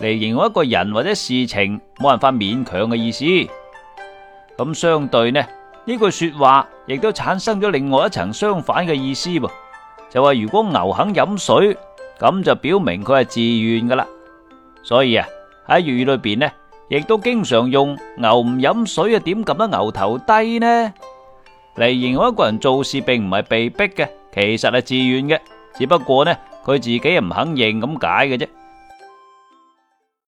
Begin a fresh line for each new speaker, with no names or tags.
嚟形容一個人或者事情冇辦法勉強嘅意思，咁相對呢，呢句說話亦都產生咗另外一層相反嘅意思噃，就話如果牛肯飲水，咁就表明佢係自願噶啦。所以啊喺粵語裏邊呢，亦都經常用牛唔飲水啊，點撳得牛頭低呢？嚟形容一個人做事並唔係被逼嘅，其實係自願嘅，只不過呢佢自己唔肯認咁解嘅啫。